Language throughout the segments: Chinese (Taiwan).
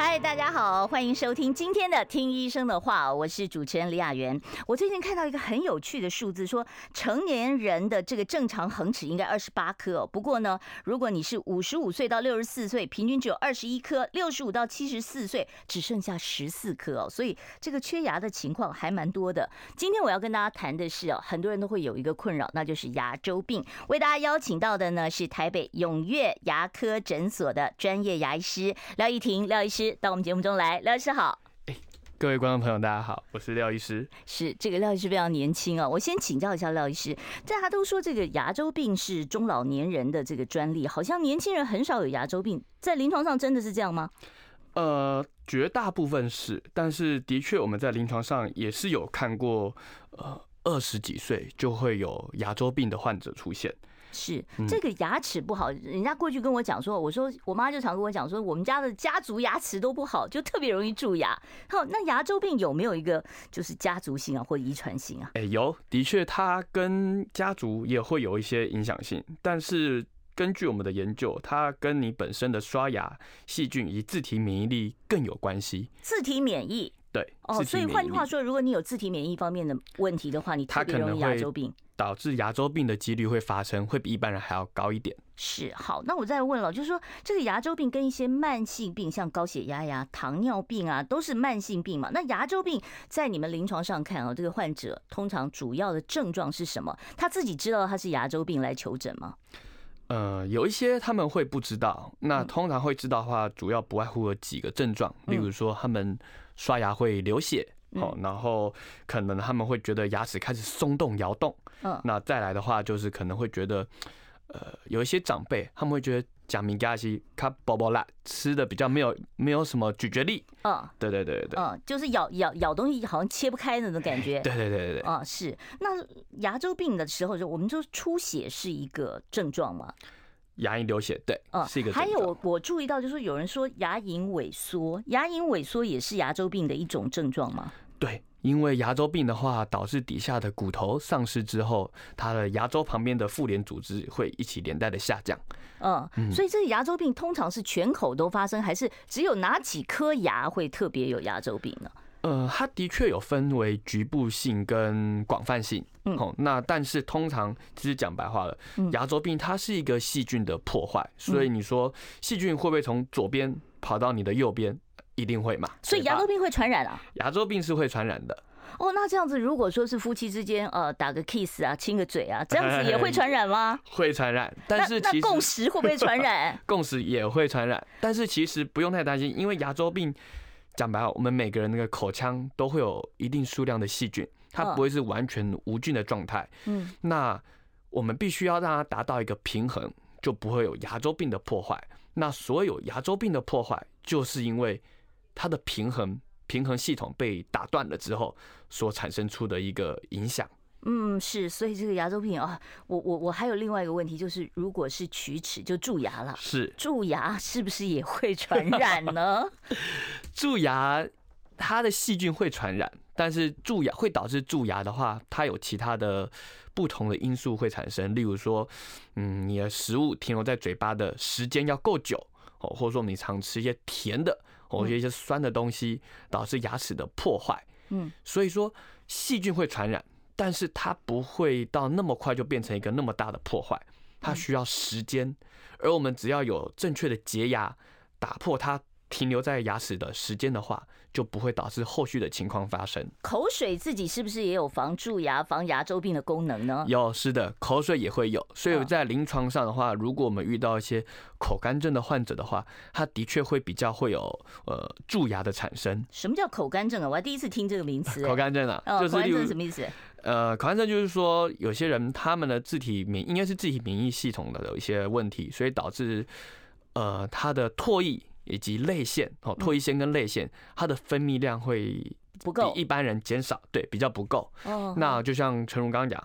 嗨，大家好，歡迎收聽今天的《聽醫生的話》，我是主持人李雅媛。我最近看到一個很有趣的數字，說成年人的這個正常恆齒應該二十八顆哦。不過呢，如果你是五十五歲到六十四歲，平均只有二十一顆；六十五到七十四歲只剩下十四顆哦。所以這個缺牙的情況還蠻多的。今天我要跟大家談的是哦，很多人都會有一個困擾，那就是牙周病。為大家邀請到的呢是台北永悅牙科診所的專業牙醫師廖翊廷，廖醫師。到我們節目中來，廖醫師好。哎、欸，各位觀眾朋友，大家好，我是廖醫師。是，這個廖醫師非常年輕哦。我先請教一下廖醫師，在大家都說這個牙周病是中老年人的這個專利，好像年輕人很少有牙周病，在臨床上真的是這樣嗎？呃，絕大部分是，但是的確我們在臨床上也是有看過，呃，二十幾歲就會有牙周病的患者出現。是，這個牙齒不好，人家過去跟我講說，我說我媽就常跟我講說，我們家的家族牙齒都不好，就特別容易蛀牙。好，那牙周病有沒有一個就是家族性啊，或遺傳性啊？哎、欸，有，的確，它跟家族也會有一些影響性，但是根據我們的研究，它跟你本身的刷牙、細菌以及自體免疫力更有關係。自體免疫。對哦，所以換句話說，如果你有自體免疫方面的問題的話，你特別容易牙周病，導致牙周病的幾率會發生，會比一般人還要高一點。是，好，那我再問了，就是說這個牙周病跟一些慢性病，像高血壓呀、啊、糖尿病啊，都是慢性病嘛。那牙周病在你們臨床上看啊、哦，這個患者通常主要的症狀是什麼？他自己知道他是牙周病來求診嗎？呃，有一些他們會不知道，欸、那通常會知道的話，嗯、主要不外乎有幾個症狀，例如說他們。刷牙會流血，好、嗯哦，然後可能他們會覺得牙齒開始鬆動、搖動。嗯，那再來的話就是可能會覺得，呃、有一些長輩他們會覺得假面牙漆它寶寶爛，吃的比較沒有沒有什麼咀嚼力。嗯，對對對對嗯，就是咬咬咬，咬東西好像切不開的那種感覺。對對對對啊、嗯，是。那牙周病的時候就我們就出血是一個症狀嗎？牙齦流血，對，嗯，是一個症狀。還有我注意到，就是說有人說牙齦萎縮，牙齦萎縮也是牙周病的一種症狀嗎？對，因為牙周病的話，導致底下的骨頭喪失之後，它的牙周旁邊的附連組織會一起連帶的下降嗯。嗯，所以這個牙周病通常是全口都發生，還是只有哪幾顆牙會特別有牙周病呢？啊？呃，它的確有分為局部性跟廣泛性，好、嗯，那但是通常其實講白話了，牙周病它是一個細菌的破壞、嗯，所以你說細菌會不會從左邊跑到你的右邊，一定會嘛。所以牙周病會傳染啊？牙周病是會傳染的。哦，那這樣子如果說是夫妻之間，呃，打個 kiss 啊，親個嘴啊，這樣子也會傳染嗎？欸、會傳染，但是其實那那共食會不會傳染？ 共食也會傳染，但是其實不用太擔心，因為牙周病。講白了，我們每個人的口腔都會有一定數量的細菌，它不會是完全無菌的狀態。嗯、oh.，那我們必須要讓它達到一個平衡，就不會有牙周病的破壞。那所有牙周病的破壞，就是因為它的平衡平衡系統被打斷了之後，所產生出的一個影響。嗯，是，所以這個牙周病啊，我我我還有另外一個問題，就是如果是齲齒就蛀牙了，是蛀牙是不是也會傳染呢？蛀 牙它的細菌會傳染，但是蛀牙會導致蛀牙的話，它有其他的不同的因素會產生，例如說，嗯，你的食物停留在嘴巴的時間要夠久哦，或者說你常吃一些甜的或者一些酸的東西，導致牙齒的破壞。嗯，所以說細菌會傳染。但是它不會到那麼快就變成一個那麼大的破壞，它需要時間，而我們只要有正確的潔牙，打破它停留在牙齒的時間的話，就不會導致後續的情況發生。口水自己是不是也有防蛀牙、防牙周病的功能呢？有，是的，口水也會有。所以，在臨床上的話，如果我們遇到一些口乾症的患者的話，他的確會比較會有呃蛀牙的產生。什麼叫口乾症啊？我還第一次聽這個名詞欸。口乾症啊，就是，口乾症是什麼意思？呃，口乾症就是說，有些人他們的自體免應該是自體免疫系統的有一些問題，所以導致呃，他的唾液以及淚腺哦，唾液腺跟淚腺，它的分泌量，會不夠，比一般人減少，對，比較不夠，哦。那就像陳榮剛講，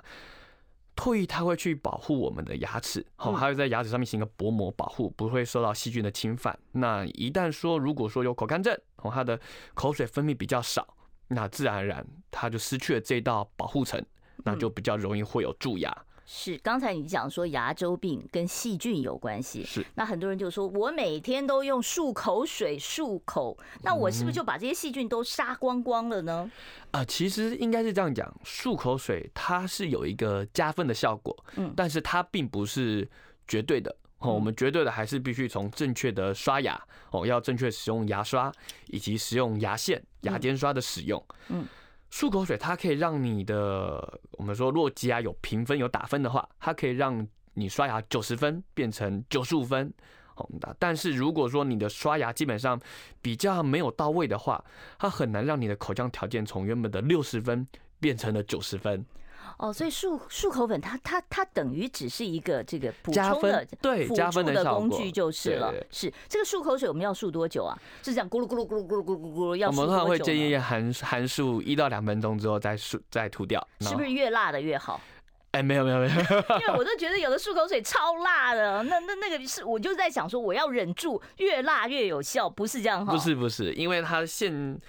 唾液它會去保護我們的牙齒，哦，它會在牙齒上面形成薄膜保護，不會受到細菌的侵犯。那一旦說如果說有口乾症，哦，它的口水分泌比較少。那自然而然，它就失去了這道保護層，嗯，那就比較容易會有蛀牙。是，剛才你講說牙周病跟細菌有關係，是。那很多人就說，我每天都用漱口水漱口，那我是不是就把這些細菌都殺光光了呢？啊、嗯呃，其實應該是這樣講，漱口水它是有一個加分的效果，嗯，但是它並不是絕對的。哦、我們絕對的還是必須從正確的刷牙哦，要正確使用牙刷以及使用牙線、牙間刷的使用、嗯嗯。漱口水它可以讓你的，我們說如果牙有評分有打分的話，它可以讓你刷牙九十分變成九十五分，哦。但是如果說你的刷牙基本上比較沒有到位的話，它很難讓你的口腔條件從原本的六十分變成了九十分。哦，所以漱漱口粉它它它，等於只是一個這個補充的，對加分，對的工具就是了。對對對。是這個漱口水我們要漱多久啊？是這樣咕嚕咕嚕咕嚕咕嚕咕嚕咕嚕咕要。我們的話會建議含含漱一到兩分鐘之後再漱再吐掉。是不是越辣的越好？哎、欸，沒有沒有沒有，沒有 因為我都覺得有的漱口水超辣的，那那那，那個是我就是在想說我要忍住，越辣越有效，不是這樣好？不是不是，因為它現。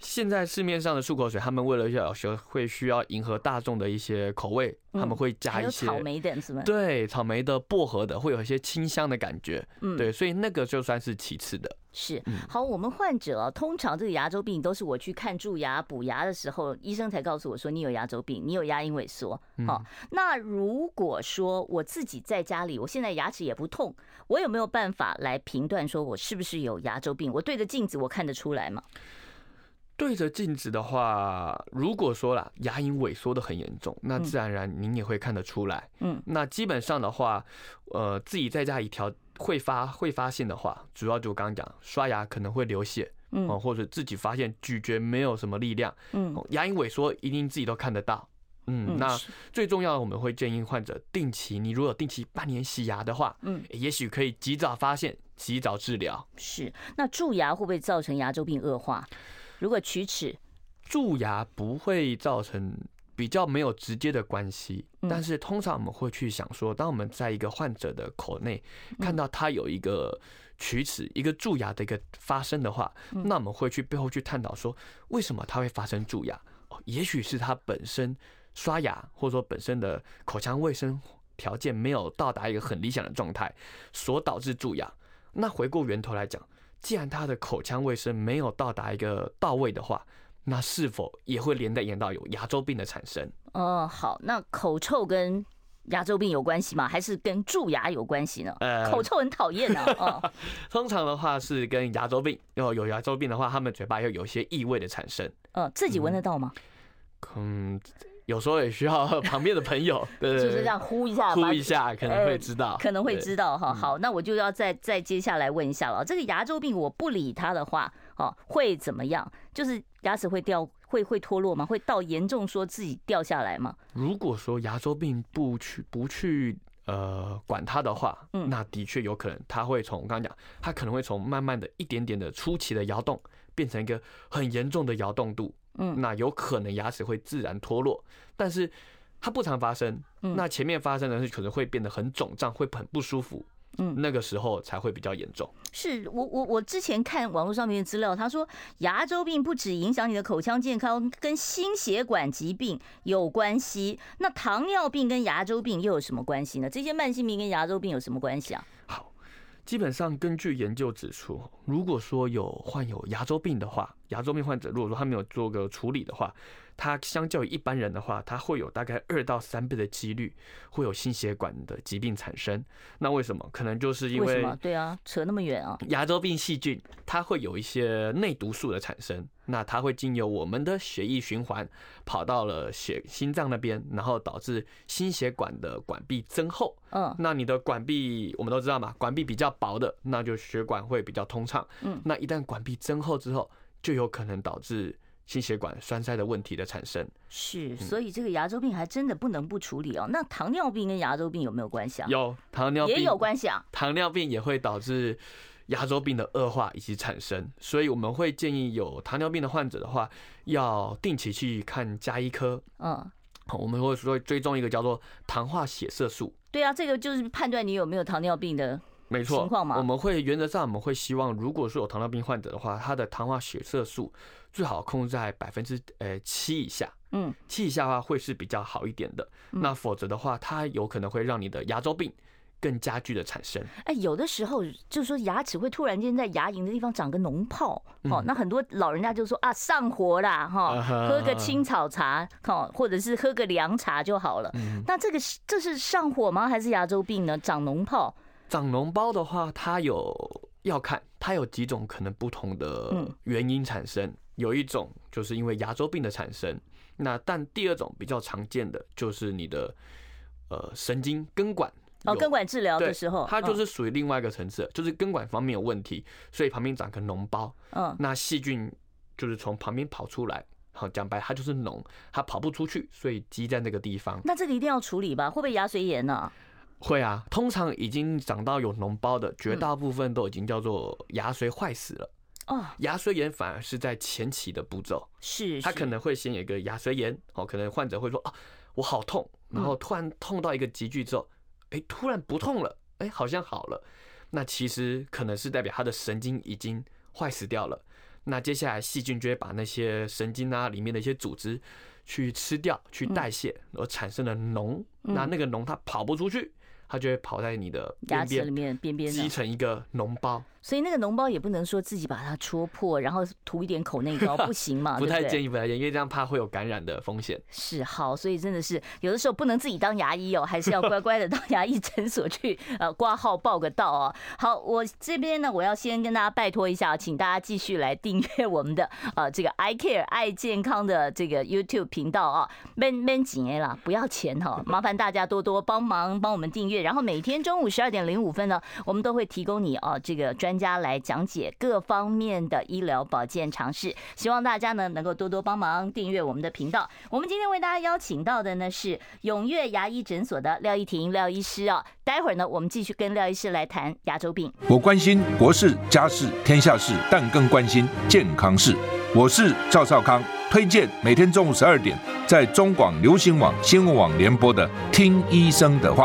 現在市面上的漱口水，他們為了要學會需要迎合大眾的一些口味，他們會加一些草莓的什麼？對，草莓的、薄荷的，會有一些清香的感覺。嗯，對，所以那個就算是其次的、嗯，是。是，好，我們患者通常這個牙周病都是我去看蛀牙補牙的時候，醫生才告訴我說，你有牙周病，你有牙齦萎縮。哦，那如果說我自己在家裡，我現在牙齒也不痛，我有沒有辦法來評斷說，我是不是有牙周病？我對着鏡子，我看得出來嗎？對着鏡子的話，如果說啦，牙齦萎縮得很嚴重，那自然而然您也會看得出來。嗯，那基本上的話，呃，自己在家一調會發會發現的話，主要就剛剛講，刷牙可能會流血，嗯，或者自己發現咀嚼沒有什麼力量，嗯，牙齦萎縮一定自己都看得到，嗯，嗯，那最重要的我們會建議患者定期，你如果定期半年洗牙的話，嗯，也許可以及早發現，及早治療。是，那蛀牙會不會造成牙周病惡化？如果齲齒、蛀牙，不會造成，比較沒有直接的關係。嗯，但是通常我們會去想說，當我們在一個患者的口內看到他有一個齲齒、一個蛀牙的一個發生的話，那我們會去背後去探討說，為什麼他會發生蛀牙？哦，也許是他本身刷牙或者說本身的口腔衛生條件沒有到達一個很理想的狀態，所導致蛀牙。那回過源頭來講。既然他的口腔衛生沒有到達一個到位的話，那是否也會連帶延到有牙周病的產生？哦、嗯，好，那口臭跟牙周病有關係嗎？還是跟蛀牙有關係呢？呃、嗯，口臭很討厭啊。嗯、 通常的話是跟牙周病，有有牙周病的話，他們嘴巴又有一些異味的產生。嗯，自己聞得到嗎？嗯。嗯有時候也需要旁邊的朋友，對，對，對 就是這樣呼一下，呼一下，可能會知道，欸，可能會知道哈。好、嗯，那我就要再再接下來問一下了。這個牙周病，我不理它的話，哦，會怎麼樣？就是牙齒會掉，會會脫落嗎？會到嚴重，說自己掉下來嗎？如果說牙周病不去不去呃管它的話，嗯，那的確有可能，他會從我剛剛講，他可能會從慢慢的一點點的初期的搖動，變成一個很嚴重的搖動度。嗯，那有可能牙齒會自然脫落，但是它不常發生。嗯，那前面發生的是可能會變得很腫脹，會很不舒服。嗯，那個時候才會比較嚴重。是，我我我之前看網絡上面的資料，他說牙周病不只影響你的口腔健康，跟心血管疾病有關係。那糖尿病跟牙周病又有什麼關係呢？這些慢性病跟牙周病有什麼關係啊？基本上，根據研究指出，如果說有患有牙周病的話，牙周病患者如果說他沒有做個處理的話。它相較於一般人的話，它會有大概二到三倍的幾率會有心血管的疾病產生。那為什麼？可能就是因為什麼？對啊，扯那麼遠啊！牙周病細菌它會有一些內毒素的產生，那它會經由我們的血液循環跑到了血心臟那邊，然後導致心血管的管壁增厚。嗯。那你的管壁，我們都知道嘛，管壁比較薄的，那就血管會比較通暢。嗯。那一旦管壁增厚之後，就有可能導致。心血管栓塞的問題的產生是、嗯，所以這個牙周病還真的不能不處理哦。那糖尿病跟牙周病有沒有關係啊？有，糖尿病也有關係啊。糖尿病也會導致牙周病的惡化以及產生，所以我們會建議有糖尿病的患者的話，要定期去看家醫科。嗯，我們會說追蹤一個叫做糖化血色素。對啊，這個就是判斷你有沒有糖尿病的。沒錯，我們會，原則上我們會希望，如果說有糖尿病患者的話，他的糖化血色素最好控制在百分之呃七以下。嗯，七以下的話會是比較好一點的。那否則的話，它有可能會讓你的牙周病更加劇的產生。哎，有的時候就是說牙齒會突然間在牙齦的地方長個膿泡，哦，那很多老人家就說啊上火啦，哈，喝個青草茶，哦，或者是喝個涼茶就好了。那這個是這是上火嗎？還是牙周病呢？長膿泡？長膿包的話，它有要看，它有幾種可能不同的原因產生。有一種就是因為牙周病的產生，那但第二種比較常見的就是你的呃神經根管哦，根管治療的時候，它就是屬於另外一個層次，哦、就是根管方面有問題，所以旁邊長個膿包。嗯、哦，那細菌就是從旁邊跑出來。好講白，講白它就是膿，它跑不出去，所以積在那個地方。那這個一定要處理吧？會不會牙髓炎呢、啊？會啊，通常已經長到有膿包的，絕大部分都已經叫做牙髓壞死了。哦、嗯，牙髓炎反而是在前期的步驟。是，是，他可能會先有一個牙髓炎，哦，可能患者會說啊，我好痛，然後突然痛到一個急劇之後，哎、嗯欸，突然不痛了，哎、欸，好像好了。那其實可能是代表他的神經已經壞死掉了。那接下來細菌就會把那些神經啊裡面的一些組織去吃掉、去代謝，而產生了膿、嗯。那那個膿它跑不出去。它就會跑在你的牙齒裡面邊邊，積成一個膿包。所以那個膿包也不能說自己把它戳破，然後塗一點口內膏，不行嘛。 不太建議，不太建議，因為這樣怕會有感染的風險。是好，所以真的是有的時候不能自己當牙醫哦、喔，還是要乖乖的到牙醫診所去呃掛號報個到哦、喔。好，我這邊呢，我要先跟大家拜託一下，請大家繼續來訂閱我們的呃、啊、這個 I Care 愛健康的這個 YouTube 頻道啊，悶悶緊年啦，不要錢哈、喔，麻煩大家多多幫忙幫我們訂閱。然後每天中午十二點零五分呢，我們都會提供你哦，這個專家來講解各方面的醫療保健常識。希望大家呢能夠多多幫忙訂閱我們的頻道。我們今天為大家邀請到的呢是永悅牙醫診所的廖翊廷廖醫師哦。待會兒呢，我們繼續跟廖醫師來談牙周病。我關心國事家事天下事，但更關心健康事。我是趙少康，推薦每天中午十二點在中廣流行網新聞網聯播的《聽醫生的話》。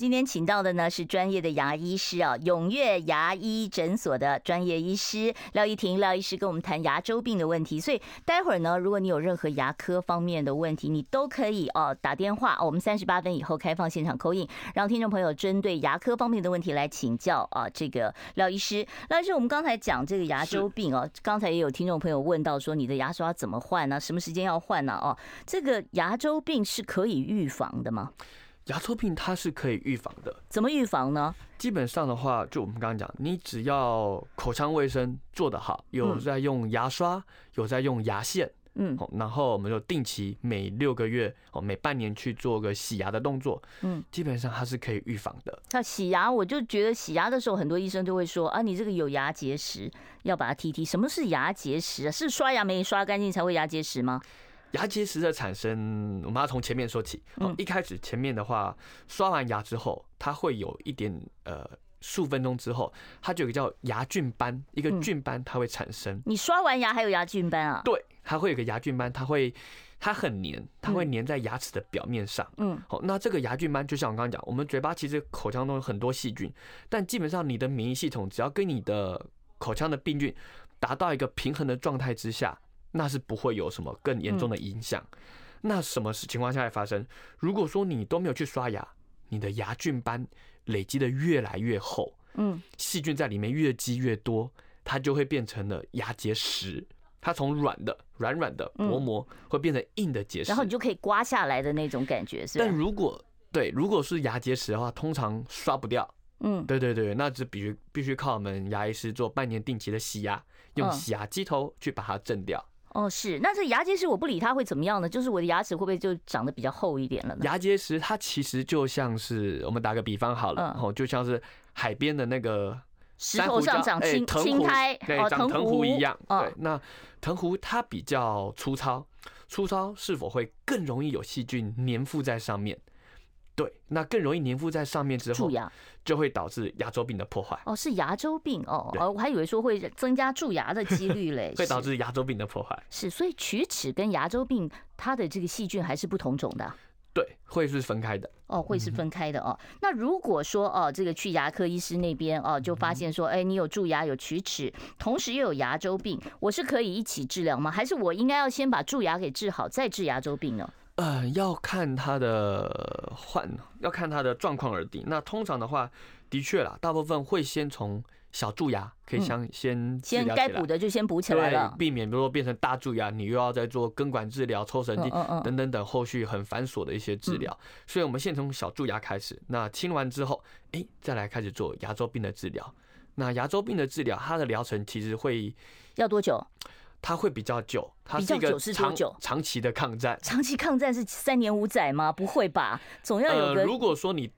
今天請到的呢是專業的牙醫師啊，永悅牙醫診所的專業醫師廖翊廷，廖醫師跟我們談牙周病的問題。所以待會兒呢，如果你有任何牙科方面的問題，你都可以哦打電話。我們三十八分以後開放現場 call in，讓聽眾朋友針對牙科方面的問題來請教啊這個廖醫師。但是我們剛才講這個牙周病哦，剛才也有聽眾朋友問到說你的牙刷怎麼換呢？什麼時間要換呢？哦，這個牙周病是可以預防的嗎？牙周病它是可以預防的，怎麼預防呢？基本上的話，就我們剛剛講，你只要口腔衛生做得好，有在用牙刷，有在用牙線，嗯,嗯，然後我們就定期每六個月哦，每半年去做個洗牙的動作，嗯，基本上它是可以預防的、嗯。那、嗯、洗牙，我就覺得洗牙的時候，很多醫生都會說啊，你這個有牙結石，要把它剔剔。什麼是牙結石啊？是刷牙沒刷乾淨才會牙結石嗎？牙結石的產生，我們要從前面說起。嗯，一開始前面的話，刷完牙之後，它會有一點呃，數分鐘之後，它就有個叫牙菌斑，一個菌斑它會產生。你刷完牙還有牙菌斑啊？對，它會有個牙菌斑，它會它很黏，它會黏在牙齒的表面上。嗯，好，那這個牙菌斑，就像我剛剛講，我們嘴巴其實口腔中有很多細菌，但基本上你的免疫系統只要跟你的口腔的病菌達到一個平衡的狀態之下。那是不會有什麼更嚴重的影響。嗯。那什麼情況下會發生？如果說你都沒有去刷牙，你的牙菌斑累積得越來越厚，嗯，細菌在裡面越積越多，它就會變成了牙結石。它從軟的、軟軟的薄膜會變成硬的結石，然後你就可以刮下來的那種感覺是。但如果對，如果是牙結石的話，通常刷不掉。嗯，對對對，那就必須必須靠我們牙醫師做半年定期的洗牙，用洗牙機頭去把它震掉。哦，是，那這牙結石我不理它會怎麼樣呢？就是我的牙齒會不會就長得比較厚一點了呢？牙結石它其實就像是我們打個比方好了，然、嗯、後就像是海邊的那個石頭上長青，、欸、藤壺青苔，對，哦、長藤壺一樣。對、嗯，那藤壺它比較粗糙、嗯，粗糙是否會更容易有細菌粘附在上面？對，那更容易粘附在上面之後，蛀牙就會導致牙周病的破壞。哦，是牙周病哦，哦，我還以為說會增加蛀牙的幾率嘞， 會導致牙周病的破壞。是，所以龋齒跟牙周病它的這個細菌還是不同種的、啊。對，會是分開的。哦，會是分開的哦。嗯、那如果說哦，這個去牙科醫師那邊哦，就發現說，哎、欸，你有蛀牙、有龋齒，同時又有牙周病，我是可以一起治療嗎？還是我應該要先把蛀牙給治好，再治牙周病呢？嗯、呃，要看他的患，要看他的狀況而定。那通常的話，的確啦，大部分會先從小蛀牙，可以先，嗯、先先該補的就先補起來了，避免比如說變成大蛀牙，你又要再做根管治療、抽神經等等等後續很繁瑣的一些治療，嗯。所以我們先從小蛀牙開始，那清完之後，哎、欸，再來開始做牙周病的治療。那牙周病的治療，它的療程其實會要多久？它會比較久，它是一個長，比較久是多久？長期的抗戰。長期抗戰是三年五載嗎？不會吧，總要有個。呃、如果說你，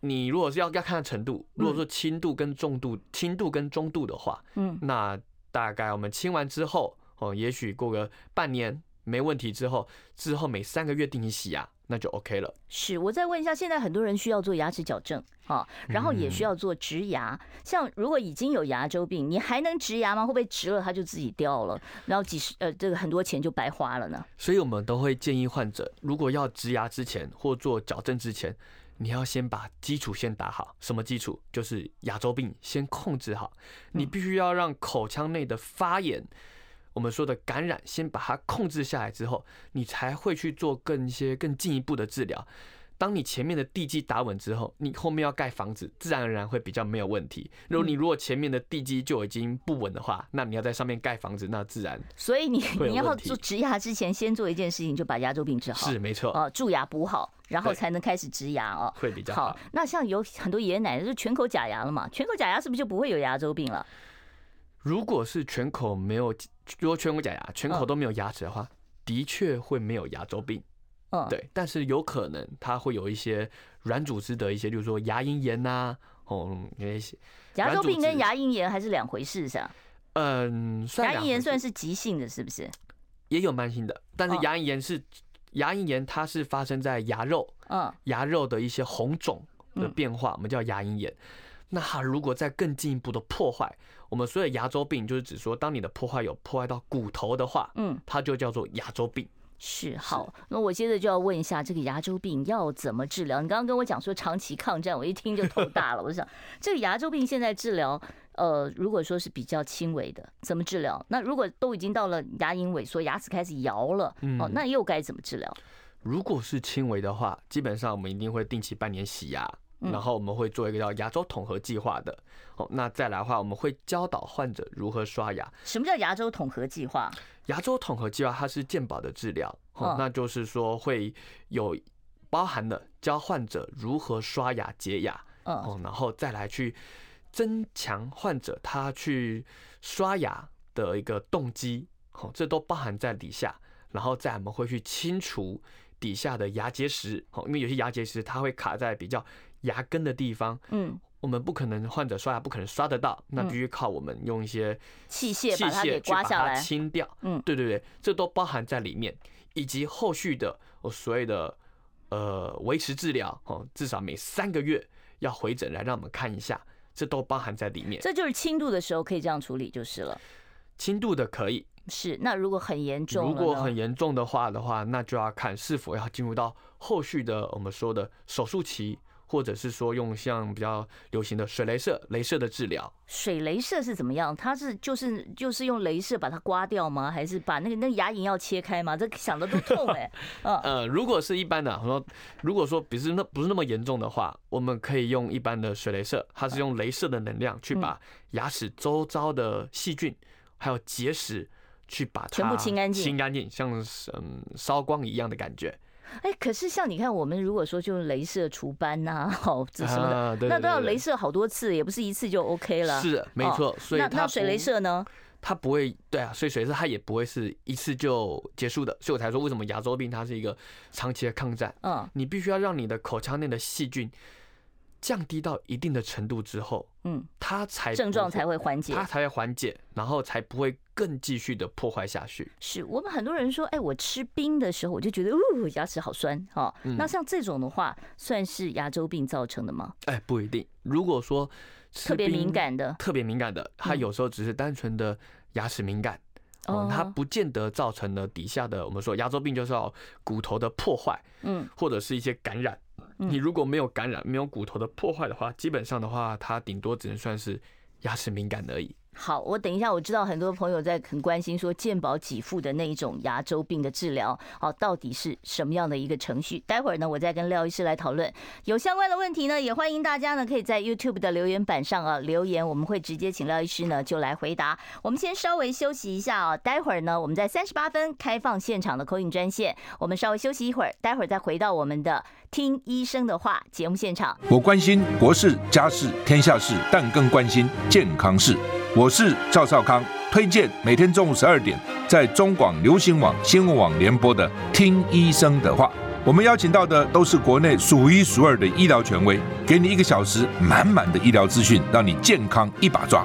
你如果是要要看看程度，如果說輕度跟重度，輕度、嗯、跟中度的話，嗯，那大概我們清完之後，哦、嗯，也許過個半年沒問題之後，之後每三個月定期洗牙。那就 OK 了。是，我再問一下，現在很多人需要做牙齒矯正啊，哦，然後也需要做植牙。像如果已經有牙周病，你還能植牙嗎？會不會植了它就自己掉了，然後幾十呃、這個很多錢就白花了呢？所以我們都會建議患者，如果要植牙之前或做矯正之前，你要先把基礎先打好。什麼基礎？就是牙周病先控制好，你必須要讓口腔內的發炎。嗯我們說的感染，先把它控制下來之後，你才會去做更一些更進一步的治療。當你前面的地基打穩之後，你後面要蓋房子，自然而然會比較沒有問題。如果你如果前面的地基就已經不穩的話，那你要在上面蓋房子，那自然。所以你你要做植牙之前，先做一件事情，就把牙周病治好。是沒錯啊，蛀牙補好，然後才能開始植牙哦，會比較好，好。那像有很多爺爺奶奶就全口假牙了嘛，全口假牙是不是就不會有牙周病了？如果是全口沒有，如果全口假牙，全口都沒有牙齒的話，的確會沒有牙周病。嗯，對，但是有可能它會有一些軟組織的一些，就是說牙齦炎啊，哦、嗯，牙周病跟牙齦炎還是兩回事，嗯、回事，是吧？嗯，牙齦炎算是急性的是不是？也有慢性的，但是牙齦炎是牙齦炎，它是發生在牙肉，嗯，牙肉的一些紅腫的變化，嗯，我們叫牙齦炎。那它如果再更進一步的破壞，我們說的牙周病就是指說，當你的破壞有破壞到骨頭的話，嗯，它就叫做牙周病。是，好，那我接着就要問一下，這個牙周病要怎麼治療？你剛剛跟我講說長期抗戰，我一聽就頭大了。 我想，這個牙周病現在治療，呃，如果說是比較輕微的，怎麼治療？那如果都已經到了牙齦萎縮，牙齒開始搖了，哦，那又該怎麼治療？嗯，如果是輕微的話，基本上我們一定會定期半年洗牙。然後我們會做一個叫牙周統合計劃的，好，那再來的話，我們會教導患者如何刷牙。什麼叫牙周統合計劃？牙周統合計劃它是健保的治療，哦，那就是說，會有包含了教患者如何刷牙潔牙，嗯、哦，然後再來去增強患者他去刷牙的一個動機，好，這都包含在底下，然後再我們會去清除。底下的牙結石，哦，因為有些牙結石它會卡在比較牙根的地方，嗯，我們不可能患者刷牙不可能刷得到，那必須靠我們用一些器械，把它，、嗯嗯、器械把它給刮下來、清掉，嗯，對對對，這都包含在裡面，嗯、以及後續的所謂的呃維持治療，哦，至少每三個月要回診來讓我們看一下，這都包含在裡面，這就是輕度的時候可以這樣處理就是了。輕度的可以是，那如果很嚴重，如果很嚴重的話的話，那就要看是否要進入到後續的我們說的手術期，或者是說用像比較流行的水雷射、雷射的治療。水雷射是怎麼樣？它是就是就是用雷射把它刮掉嗎？還是把那個那牙齦要切開嗎？這想的都痛嘞、欸 嗯。呃，如果是一般的，很多。如果說不是那不是那麼嚴重的話，我們可以用一般的水雷射，它是用雷射的能量去把牙齒周遭的細菌。還有結石，去把它清乾淨，全部清乾淨，清乾淨，像嗯燒光一樣的感覺。欸、可是像你看，我們如果說就雷射除斑吶，哦、喔，這什麼的，啊、對對對對，那都要雷射好多次，也不是一次就 OK 了。是，沒錯。所以那那水雷射呢？它不會對啊，所以水雷射它也不會是一次就結束的。所以我才說，為什麼牙周病它是一個長期的抗戰？嗯，你必須要讓你的口腔內的細菌。降低到一定的程度之後，嗯，它才症狀才會緩解，它才會緩解，然後才不會更繼續的破壞下去。是，我們很多人說，哎、欸，我吃冰的時候我就覺得，嗚，牙齒好酸，哦、嗯。那像這種的話，算是牙周病造成的嗎？哎、欸，不一定。如果說特別敏感的，特別敏感的，它有時候只是單純的牙齒敏感，哦、嗯嗯，它不見得造成了底下的、哦、我們說牙周病，就是要骨頭的破壞，嗯，或者是一些感染。你如果沒有感染、沒有骨頭的破壞的話，基本上的話，它頂多只能算是牙齒敏感而已。好，我等一下我知道很多朋友在很關心說健保給付的那一種牙周病的治療，好、啊，到底是什麼樣的一個程序？待會兒呢，我再跟廖醫師來討論。有相關的問題呢，也歡迎大家呢可以在 YouTube 的留言板上啊留言，我們會直接請廖醫師呢就來回答。我們先稍微休息一下啊，待會兒呢，我們在三十八分開放現場的 Call in 專線，我們稍微休息一會兒，待會兒再回到我們的。聽醫生的話，節目現場。我關心國事、家事、天下事，但更關心健康事。我是趙少康，推薦每天中午十二點在中廣流行網、新聞網聯播的《聽醫生的話》。我們邀請到的都是國內數一數二的醫療權威，給你一個小時滿滿的醫療資訊，讓你健康一把抓。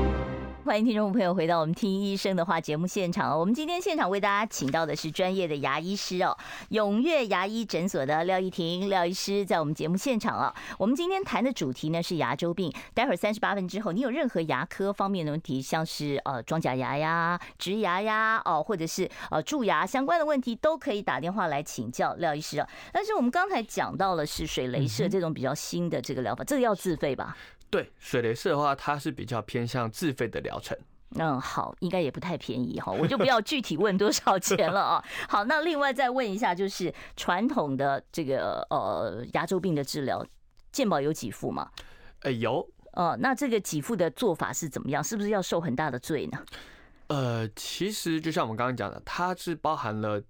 歡迎聽眾朋友回到我們聽醫生的話節目現場，我們今天現場為大家請到的是專業的牙醫師哦，永悅牙醫診所的廖翊廷廖醫師在我們節目現場啊、哦。我們今天談的主題呢是牙周病，待會兒三十八分之後，你有任何牙科方面的問題，像是呃裝假牙呀、植牙呀，哦，或者是呃蛀牙相關的問題，都可以打電話來請教廖醫師哦。但是我們剛才講到了是水雷射這種比較新的這個療法，這個要自費吧？對，水雷射的話，它是比較偏向自費的療程。嗯，好，應該也不太便宜哈，我就不要具體問多少錢了啊、哦。 好，那另外再問一下，就是傳統的這個呃牙周病的治療，健保有給付嗎？哎、欸，有。呃，那這個給付的做法是怎麼樣？是不是要受很大的罪呢？呃，其實就像我們剛剛講的，它是包含了。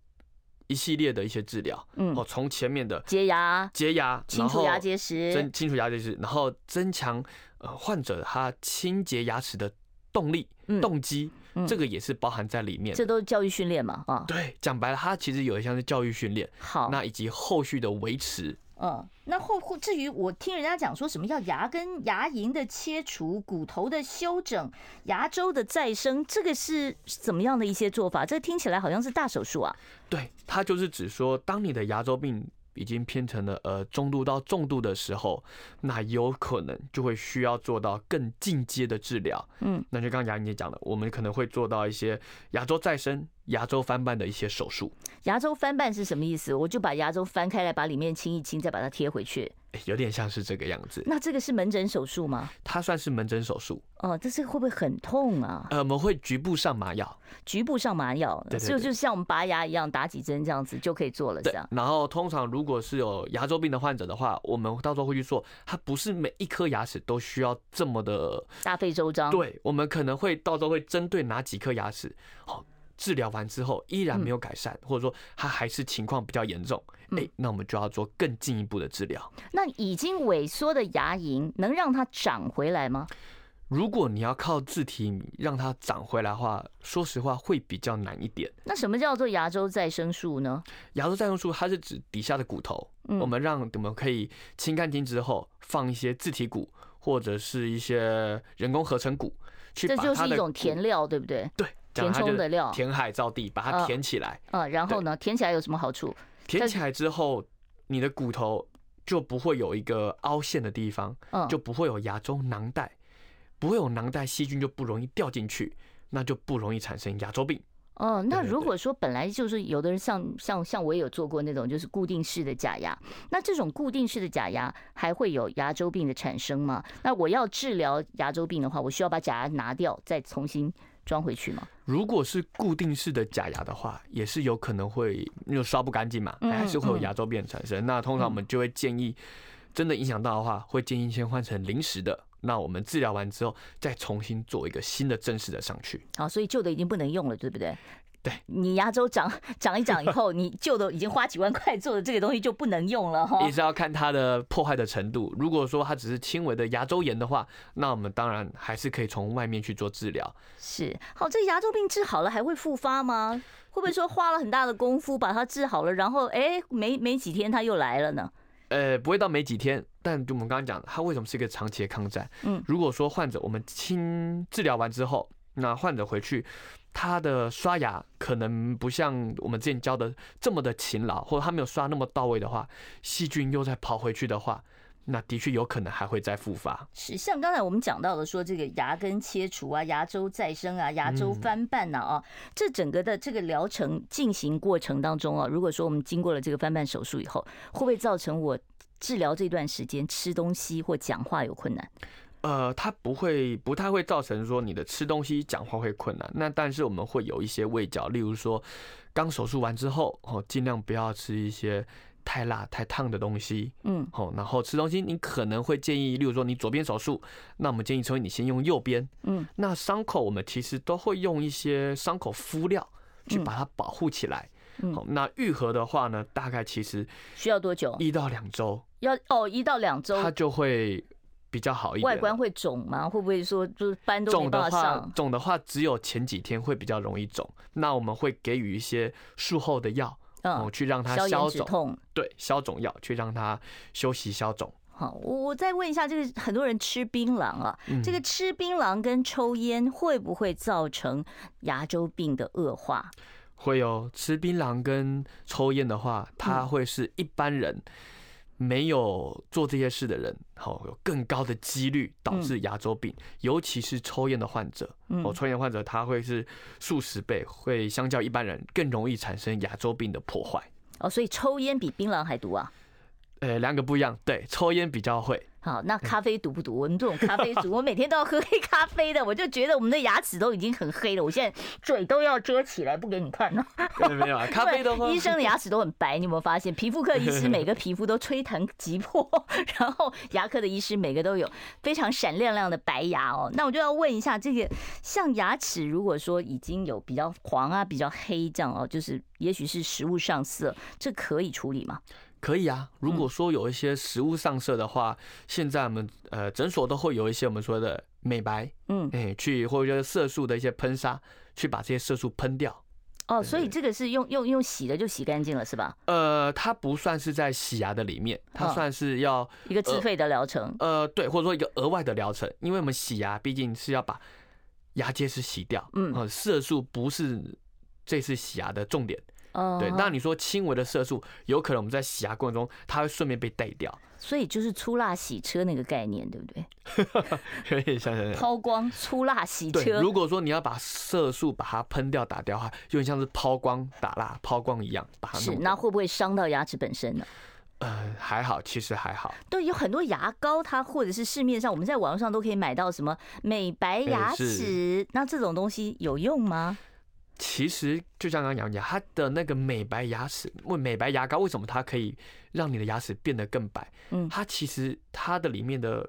一系列的一些治療，嗯，哦，從前面的潔牙、潔牙、清除牙結石、清清除牙結石，然後增強呃患者他清潔牙齒的動力、嗯、動機、嗯，這個也是包含在裡面。這都是教育訓練嘛？啊、哦，對，講白了，它其實有一項是教育訓練。好，那以及後續的維持，嗯、哦。那後至於我聽人家講說什麼要牙根、牙齦的切除、骨頭的修整、牙周的再生，這個是怎麼樣的一些做法？這個聽起來好像是大手術啊。對，他就是指說，當你的牙周病，已經變成了呃中度到重度的時候，那有可能就會需要做到更進階的治療。嗯，那就剛剛楊醫生講了，我們可能會做到一些牙周再生、牙周翻瓣的一些手術。牙周翻瓣是什麼意思？我就把牙周翻開來，把裡面清一清，再把它貼回去。有點像是這個樣子。那這個是門診手術嗎？它算是門診手術。哦，這是會不會很痛啊？呃，我們會局部上麻藥，局部上麻藥，就就像我們拔牙一樣，打幾針這樣子就可以做了，這樣。然後通常如果是有牙周病的患者的話，我們到時候會去做。它不是每一顆牙齒都需要這麼的大費周章。對，我們可能會到時候會針對哪幾顆牙齒。好、哦。治療完之後依然沒有改善，嗯、或者說他還是情況比較嚴重，哎、嗯欸，那我們就要做更進一步的治療。那已經萎縮的牙齦能讓它長回來嗎？如果你要靠自體讓它長回來的話，說實話會比較難一點。那什麼叫做牙周再生術呢？牙周再生術它是指底下的骨頭，嗯、我們讓我們可以清乾淨之後放一些自體骨或者是一些人工合成骨，去把它骨，這就是一種填料，對不對？對。填充的料填海造地，把它填起來。啊、哦嗯，然後呢？填起來有什麼好處？填起來之後，你的骨頭就不會有一個凹陷的地方，嗯，就不會有牙周囊袋，不會有囊袋細菌，就不容易掉進去，那就不容易產生牙周病。哦，那如果說本來就是有的人像像像我也有做過那種就是固定式的假牙，那這種固定式的假牙還會有牙周病的產生嗎？那我要治療牙周病的話，我需要把假牙拿掉，再重新。裝回去嗎？如果是固定式的假牙的話，也是有可能會因為刷不乾淨嘛，嗯、還，還是會有牙周病產生。那通常我們就會建議，真的影響到的話，會建議先換成臨時的，嗯。那我們治療完之後，再重新做一個新的正式的上去。好，所以舊的已經不能用了，對不對？對，你牙周長長一長以後，你舊的已經花幾萬塊做的這個東西就不能用了哈。也 是要看它的破壞的程度。如果說它只是輕微的牙周炎的話，那我們當然還是可以從外面去做治療。是，好，這牙周病治好了還會復發嗎？會不會說花了很大的功夫把它治好了，然後哎、欸，沒沒幾天它又來了呢？呃，不會到沒幾天，但就我們剛剛講，它為什麼是一個長期的抗戰？嗯，如果說患者我們輕治療完之後，那患者回去。他的刷牙可能不像我們之前教的這麼的勤勞，或者他沒有刷那麼到位的話，細菌又再跑回去的話，那的確有可能還會再復發。是，像剛才我們講到的，說這個牙根切除啊、牙周再生啊、牙周翻瓣吶啊、嗯哦，這整個的這個療程進行過程當中啊、哦，如果說我們經過了這個翻瓣手術以後，會不會造成我治療這段時間吃東西或講話有困難？呃，它不會，不太會造成說你的吃東西、講話會困難。那但是我們會有一些味覺，例如說剛手術完之後，哦，盡量不要吃一些太辣、太燙的東西。嗯，哦，然後吃東西，你可能會建議，例如說你左邊手術，那我們建議說你先用右邊。嗯，那傷口我們其實都會用一些傷口敷料去把它保護起來。嗯，好、嗯哦，那愈合的話呢，大概其實需要多久？一到兩周。要哦，一到兩周，它就會。比較好一點。外觀會腫嗎？會不會說就是斑都腫的話，腫的話只有前幾天會比較容易腫。那我們會給予一些術後的藥，嗯，去讓它消腫。對，消腫藥，去讓它休息消腫。好，我我再問一下，這個很多人吃檳榔啊，嗯，這個吃檳榔跟抽菸會不會造成牙周病的惡化？會有，吃檳榔跟抽菸的話，它會是一般人。嗯沒有做這些事的人，好、哦，有更高的幾率導致牙周病，嗯，尤其是抽煙的患者。哦，抽煙患者他會是數十倍，會相較一般人更容易產生牙周病的破壞。哦，所以抽煙比檳榔還毒啊？呃，兩個不一樣，對，抽煙比較會。好，那咖啡毒不毒？我們這種咖啡族， 我每天都要喝黑咖啡的，我就覺得我們的牙齒都已經很黑了。我現在嘴都要遮起來，不給你看了。 沒有啊，咖啡都喝。 醫生的牙齒都很白，你有沒有發現？皮膚科醫師每個皮膚都吹彈即破， 然後牙科的醫師每個都有非常閃亮亮的白牙哦。那我就要問一下，這個像牙齒，如果說已經有比較黃啊、比較黑這樣哦，就是也許是食物上色，這可以處理嗎？可以啊，如果說有一些食物上色的話，嗯、現在我們呃診所都會有一些我們說的美白，嗯，哎、欸、去或者就是色素的一些噴砂，去把這些色素噴掉。哦，所以這個是用、嗯、用用洗的就洗乾淨了是吧？呃，它不算是在洗牙的裡面，它算是要、哦呃、一個自費的療程。呃，對，或者說一個額外的療程，因為我們洗牙畢竟是要把牙結石洗掉，嗯，呃、色素不是這次洗牙的重點。Uh -huh. 對，那你說輕微的色素，有可能我們在洗牙過程中，它會順便被帶掉。所以就是粗蠟洗車那個概念，對不對？可 以像，想拋光粗蠟洗車。如果說你要把色素把它噴掉打掉哈，就像是拋光打蠟拋光一樣把它。是，那會不會傷到牙齒本身呢？呃，還好，其實還好。對，有很多牙膏它，它或者是市面上我們在網上都可以買到什麼美白牙齒、欸，那這種東西有用嗎？其實就像剛剛講一樣，它的那個美白牙齒，問美白牙膏為什麼它可以讓你的牙齒變得更白？嗯，它其實它的裡面的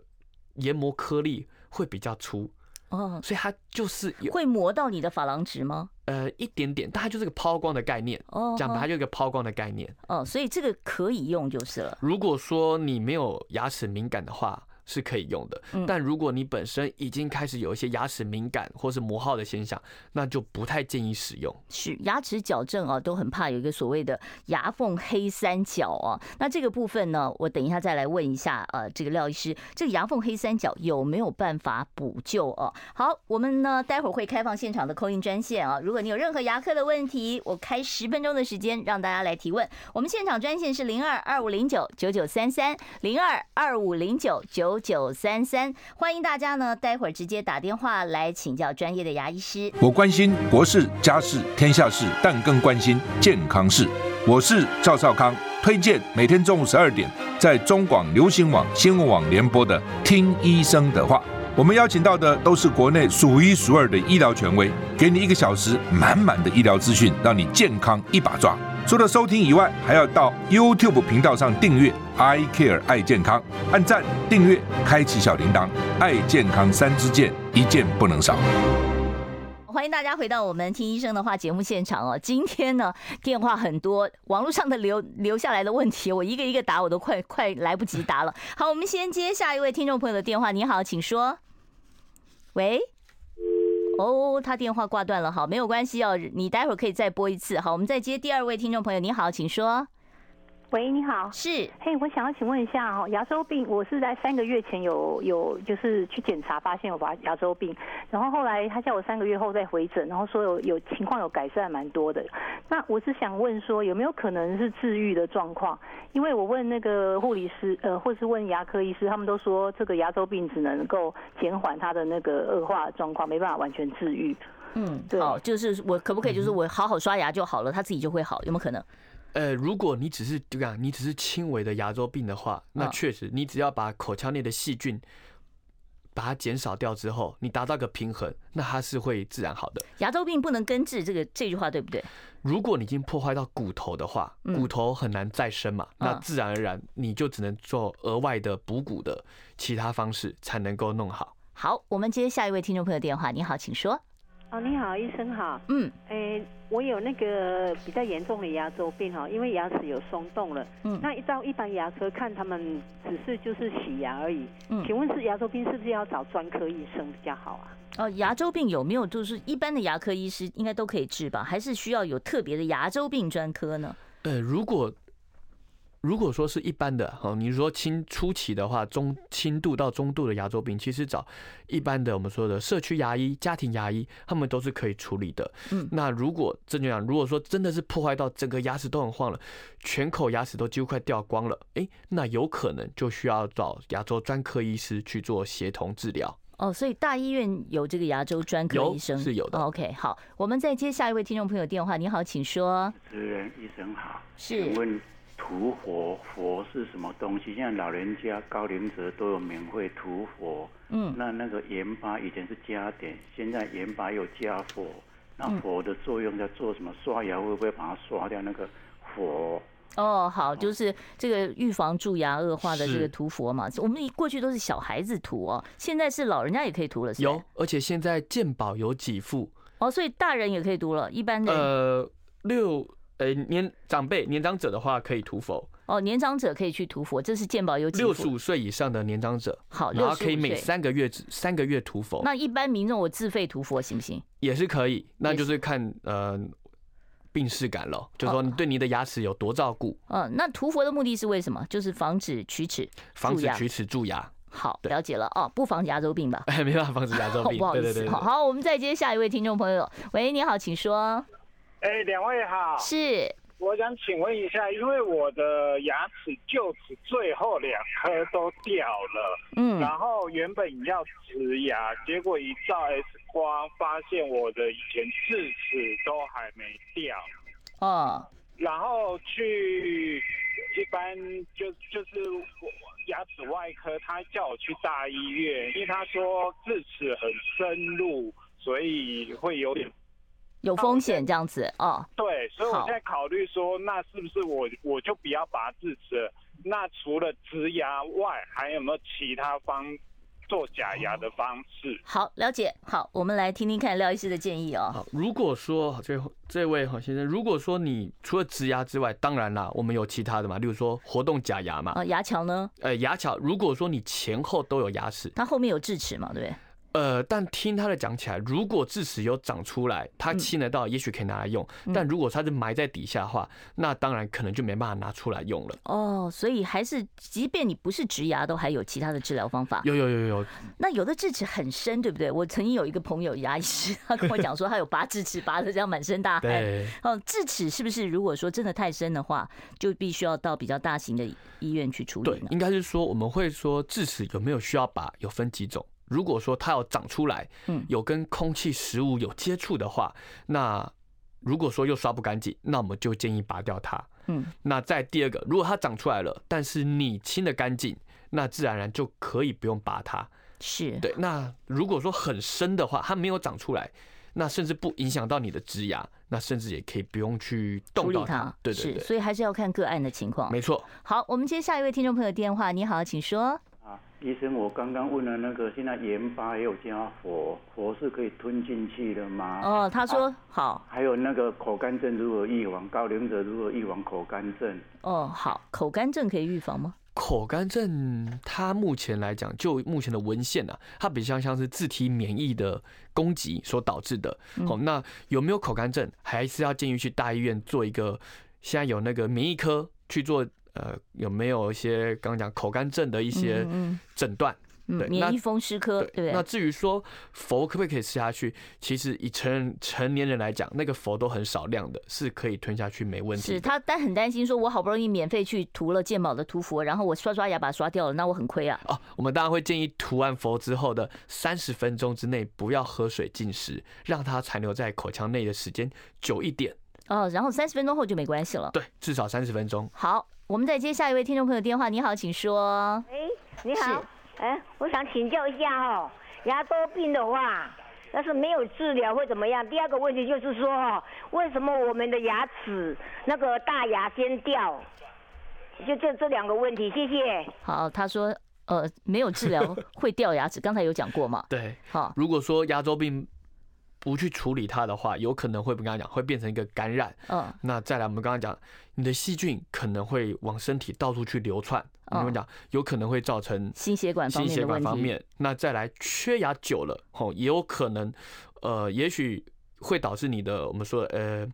研磨顆粒會比較粗哦，所以它就是有會磨到你的珐琅質嗎？呃，一點點，但它就是一個拋光的概念哦，講白就是一個拋光的概念哦，所以這個可以用就是了。如果說你沒有牙齒敏感的話。是可以用的，但如果你本身已經開始有一些牙齒敏感或是磨耗的現象，那就不太建議使用。是牙齒矯正啊，都很怕有一個所謂的牙縫黑三角啊。那這個部分呢，我等一下再來問一下呃、啊，這個廖醫師，這個牙縫黑三角有沒有辦法補救哦、啊？好，我們呢待會兒會開放現場的 call in 專線啊，如果你有任何牙科的問題，我開十分鐘的時間，讓大家來提問。我們現場專線是零二二五零九九九三三零二二五零九九九三三，歡迎大家呢，待會兒直接打電話來請教專業的牙醫師。我關心國事、家事、天下事，但更關心健康事。我是趙少康，推薦每天中午十二點在中廣流行網新聞網聯播的《聽醫生的話》，我們邀請到的都是國內數一數二的醫療權威，給你一個小時滿滿的醫療資訊，讓你健康一把抓。除了收聽以外，還要到 YouTube 頻道上訂閱 I Care 愛健康，按讚、訂閱、開啟小鈴鐺，愛健康三支箭，一箭不能少。歡迎大家回到我們聽醫生的話節目現場哦。今天呢，電話很多，網絡上的留留下來的問題，我一個一個答，我都快快來不及答了。好，我們先接下一位聽眾朋友的電話。你好，請說。喂。哦，他電話掛斷了，好，沒有關係哦，你待會兒可以再撥一次，好，我們再接第二位聽眾朋友，你好，請說。喂，你好，是，嘿、hey，我想要請問一下哦，牙周病，我是在三個月前有有就是去檢查，發現有牙牙周病，然後後來他叫我三個月後再回診，然後說有有情況有改善，蠻多的。那我是想問說，有沒有可能是治癒的狀況？因為我問那個護理師，呃，或是問牙科醫師，他們都說這個牙周病只能夠減緩他的那個惡化狀況，沒辦法完全治癒。嗯，對，好，就是我可不可以就是我好好刷牙就好了，嗯、他自己就會好，有沒有可能？呃，如果你只是這樣，啊，你只是輕微的牙周病的話，那確實，你只要把口腔內的細菌把它減少掉之後，你達到一個平衡，那它是會自然好的。牙周病不能根治，這個這句話對不對？如果你已經破壞到骨頭的話，骨頭很難再生嘛，嗯、那自然而然你就只能做額外的補骨的其他方式才能夠弄好。好，我們接下一位聽眾朋友電話，你好，請說。哦，你好，醫生好。嗯，欸，我有那個比較嚴重的牙周病哈，因為牙齒有鬆動了。嗯，那一到一般牙科看，他們只是就是洗牙而已。嗯，請問是牙周病是不是要找專科醫生比較好啊？哦，呃，牙周病有沒有就是一般的牙科醫師應該都可以治吧？還是需要有特別的牙周病專科呢？呃，如果。如果說是一般的，你說輕初期的話，中輕度到中度的牙周病，其實找一般的我們說的社區牙醫、家庭牙醫，他們都是可以處理的。嗯，那如果正局長，如果說真的是破壞到整個牙齒都很晃了，全口牙齒都幾乎快掉光了，哎、欸，那有可能就需要找牙周專科醫師去做協同治療。哦，所以大醫院有這個牙周專科醫生有是有的、哦。OK，好，我們再接下一位聽眾朋友電話。你好，請說。主持人醫生好，是問。塗氟，氟是什麼東西？像老人家高齡者都有免費塗氟。嗯，那那個鹽巴以前是加碘，現在鹽巴又加氟。那氟的作用在做什麼？刷牙會不會把它刷掉？那個氟？哦，好，就是這個預防蛀牙惡化的這個塗氟嘛。我們過去都是小孩子塗哦，現在是老人家也可以塗了是是。有，而且現在健保有給付。哦，所以大人也可以塗了，一般的人。呃，六。呃，年長輩、年長者的話可以塗氟哦，年長者可以去塗氟，這是健保有六十五歲以上的年長者好，然後可以每三個月、三個月塗氟。那一般民眾我自費塗氟行不行？也是可以，那就是看是呃病識感了，就是說你對你的牙齒有多照顧。嗯、哦哦，那塗氟的目的是為什麼？就是防止龋齒，防止龋齒蛀牙。好，了解了哦，不防牙周病吧？哎，沒辦法，防止牙周病。哦、對,對對對。好，好我們再接下一位聽眾朋友，喂，你好，請說。哎、欸，兩位好。是，我想請問一下，因為我的牙齒就此最後兩顆都掉了，嗯，然後原本要植牙，結果一照 X 光，發現我的以前智齒都還沒掉。啊、嗯，然後去一般就就是牙齒外科，他叫我去大醫院，因為他說智齒很深入，所以會有點。有風險這樣子哦，對，所以我在考慮說，那是不是我我就不要拔智齒？那除了植牙外，還有沒有其他方做假牙的方式？好，了解。好，我們來聽聽看廖醫師的建議哦。好，如果說，這這位何先生，如果說你除了植牙之外，當然啦，我們有其他的嘛，例如說活動假牙嘛。呃，牙橋呢？呃，牙橋，如果說你前後都有牙齒，它後面有智齒嘛？對不對？呃，但聽他的講起來，如果智齒有長出來，他親得到，也許可以拿來用，嗯；但如果他是埋在底下的話，那當然可能就沒辦法拿出來用了。哦，所以還是，即便你不是植牙，都還有其他的治療方法。有有有有。那有的智齒很深，對不對？我曾經有一個朋友，牙醫師，他跟我講說，他有拔智齒， 拔的這樣滿身大汗。嗯，智齒是不是如果說真的太深的話，就必須要到比較大型的醫院去處理呢？對，應該是說，我們會說智齒有沒有需要拔，有分幾種。如果說它要長出來，嗯，有跟空氣、食物有接觸的話，嗯、那如果說又刷不乾淨，那我們就建議拔掉它，嗯。那再第二個，如果它長出來了，但是你清得乾淨，那自然而然就可以不用拔它。是。對。那如果說很深的話，它沒有長出來，那甚至不影響到你的智牙，那甚至也可以不用去動它。處理它。對對、對。所以還是要看個案的情況。沒錯。好，我們接下一位聽眾朋友的電話。你好，請說。醫生，我剛剛問了那個，現在鹽巴還有加氟，氟是可以吞進去的嗎？哦，他說、啊、好。還有那個口乾症如何預防？高齡者如何預防口乾症？哦，好，口乾症可以預防嗎？口乾症，它目前來講，就目前的文獻啊，它比較像是自體免疫的攻擊所導致的。好、嗯哦，那有沒有口乾症，還是要建議去大醫院做一個，現在有那個免疫科去做。呃，有沒有一些剛剛講口乾症的一些診斷？嗯，嗯，對，嗯，免疫風濕科。對，對，對，對。那至於說，氟可不可以吃下去？其實以成人成年人來講，那個氟都很少量的，是可以吞下去沒問題。是他但很擔心，說我好不容易免費去塗了健保的塗氟，然後我刷刷牙把它刷掉了，那我很虧啊。哦，我們當然會建議塗完氟之後的三十分鐘之內不要喝水進食，讓它殘留在口腔內的時間久一點。哦，然後三十分鐘後就沒關係了。對，至少三十分鐘。好。我們再接下一位聽眾朋友電話。你好，請說。哎、欸，你好，哎、欸，我想請教一下哦、喔，牙周病的話，要是沒有治療會怎麼樣？第二個問題就是說哦，為什麼我們的牙齒那個大牙先掉？就這這兩個問題，謝謝。好，他說呃，沒有治療會掉牙齒，剛 才有講過嘛。對，好，如果說牙周病。不去處理它的話，有可能會不，跟剛講會變成一個感染。嗯、oh.。那再來，我們剛剛講，你的細菌可能會往身體到處去流竄。我們講有可能會造成心血管方面。心血管方面，那再來，缺牙久了，哦，也有可能，呃，也許會導致你的我們說，呃，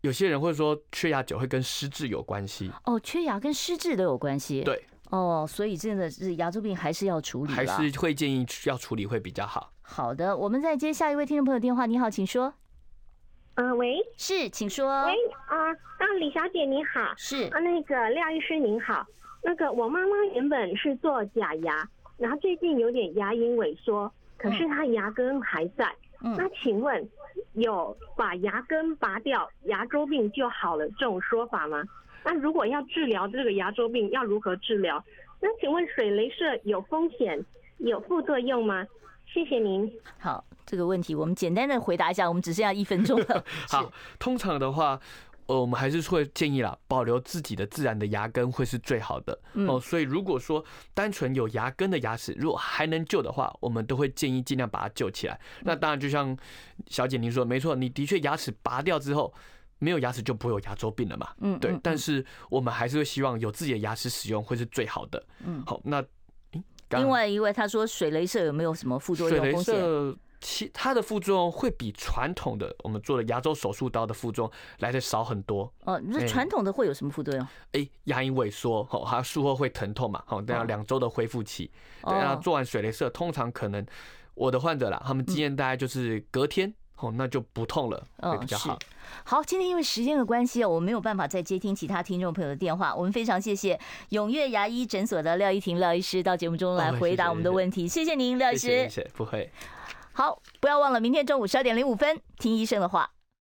有些人會說缺牙久會跟失智有關係。哦、oh,，缺牙跟失智都有關係。對。哦、oh,，所以真的是牙周病還是要處理，還是會建議要處理會比較好。好的，我們再接下一位聽眾朋友電話。你好，請說。啊、呃，喂，是，請說。喂，啊、呃、那李小姐你好，是啊那個廖醫師您好，那個我媽媽原本是做假牙，然後最近有點牙齦萎縮，可是她牙根還在。嗯，那請問有把牙根拔掉，牙周病就好了這種說法嗎？那如果要治療這個牙周病，要如何治療？那請問水雷射有風險、有副作用嗎？謝謝您。好，這個問題我們簡單的回答一下。我們只剩下一分鐘了。 好，通常的話，呃，我們還是會建議啦，保留自己的自然的牙根會是最好的。嗯、哦，所以如果說單純有牙根的牙齒，如果還能救的話，我們都會建議儘量把它救起來。嗯、那當然，就像小姐您說，沒錯，你的確牙齒拔掉之後沒有牙齒就不會有牙周病了嘛。嗯，嗯，嗯，對。但是我們還是會希望有自己的牙齒使用會是最好的。嗯，好，那。另外一位他說水雷射有沒有什麼副作用？水雷射其它的副作用會比傳統的我們做的牙周手術刀的副作用來的少很多，欸。哦，你說傳統的會有什麼副作用？誒、欸，牙齦萎縮，好，哦，還有術後會疼痛嘛，好，哦，都要兩週的恢復期。哦，對啊，做完水雷射通常可能我的患者啦，他們經驗大概就是隔天。嗯哦，那就不痛了，比較好、哦。好，今天因為時間的關係啊，我沒有辦法再接聽其他聽眾朋友的電話。我們非常謝謝永悅牙醫診所的廖翊廷廖醫師到節目中來回答我們的問題，哦、謝，謝，謝，謝，謝謝您，廖醫師謝謝。謝謝，不會。好，不要忘了明天中午十二點零五分，聽醫生的話。